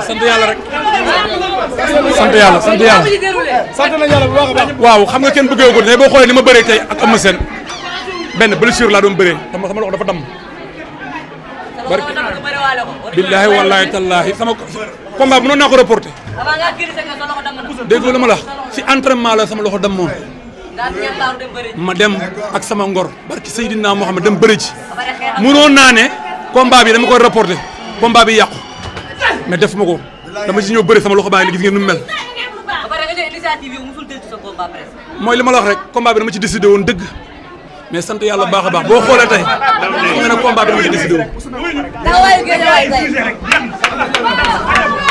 sant yàlla sant yàlla sant nañu yàlla waaw xam nga kenn bëggee ko tey boo xoolee ni ma bëree tey ak ma sen benn blessure laa doon bëree sama sama loxo dafa damm. barke billaahi wallaahi tallaahi sama combat mënoon naa ko reporté. déggoo la ma la si entraînement la sama loxo dammoon. ma dem ak sama ngor barki Seydina Mohamed dem bëri ci mënoon naa ne combat bi dama koy reporté combat bi yàqu mais def ma ko dama ci ñëw bëri sama loxo baa ngi gis ngeen nu mel. initiative yow musul mooy li ma la wax rek combat bi dama ci décidé woon dëgg mais sant yàlla baax a baax boo xoolee tey xam nga ne combat bi dama ci décidé